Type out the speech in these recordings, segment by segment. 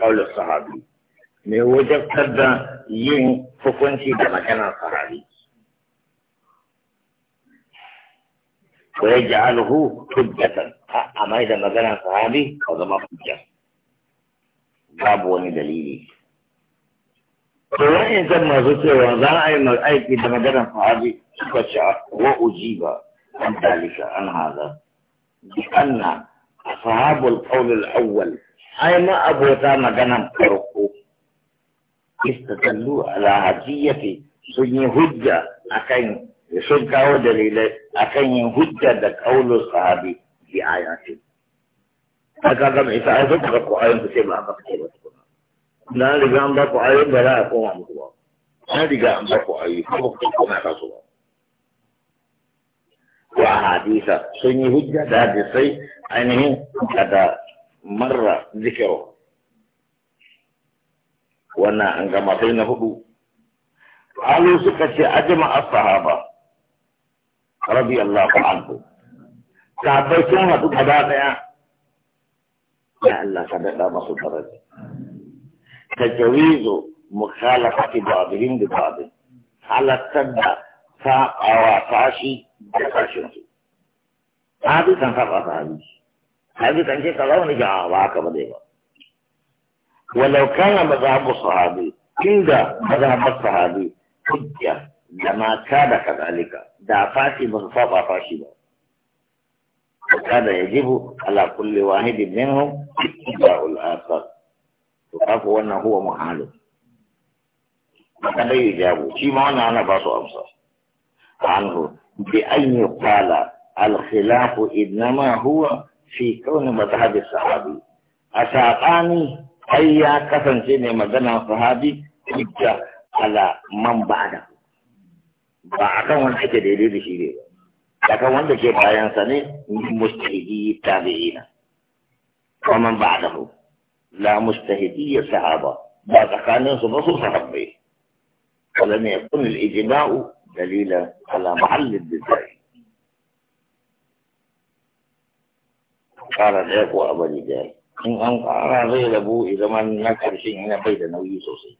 قول الصحابي mai wajabtar da yin hukunci da maganar sahabi. Wai ja'alhu hujjatan a mai da maganar sahabi ka zama hujja. Babu wani dalili. To wani zan masu cewa za a yi aiki da maganar sahabi suka ce wa ujiba an dalika an haza. Bi anna sahabul qawl al-awwal ai ma abota maganan farko istadallu ala hajiyati sun yi hujja akan sun kawo dalilai akan yin hujja da kaulun sahabi bi ayati ta kaga mai isa ayyuka da ku ayyuka sai ba ba ce ba tukuna na riga an ba ku ayyuka da za a koma muku ba na riga an ba ku ayyuka ba ku koma ka su ba wa hadisa sun yi hujja da hadisai ainihin da مر ذكره وانا انقمتين هدو قالوا سكة أجمع الصحابة رضي الله عنه sahabbai sun haɗu gaba ɗaya ya Allah ka daɗa masu daraja ta jawizo mukhalafati ba'dihim bi ba'd halattar da saɓawa tashi da sashin su sahabi kan saɓa sahabi حبيب أنت كلام نجاوا ولو كان مذهب الصحابي كندا مذهب الصحابي كندا لما كان كذلك دافات منصفة فاشلة وكان يجب على كل واحد منهم اتباع الآخر تقف أنه هو محالف فكذا يجابه في معنى أنا باس أمصر عنه بأن يقال الخلاف إنما هو في كون مذهب الصحابي أساقاني أي كفن سيني مدنى الصحابي حجة على من بعده فأكون وانا حجة دي لكن وانا كيف بايان سنة مستهدي التابعين ومن بعده لا مستهدي الصحابة بعد كان صبصوا صحابي ولم يكن الإجماع دليلا على محل الدفاع kara ɗaya ko a bari ɗaya in an kara zai rabu ya zama na karshen yana bai da nauyi sosai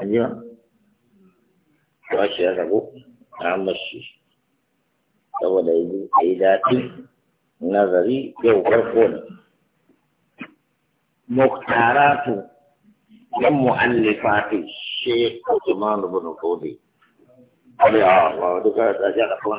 Ajiya, ba shi ya rabu a mashi, saboda yi a yi daɗi nazari yau farko ne. Muktaratu ɗan mu'allifati Sheikh Usman bin Kodi. Allah, wa duka da shi a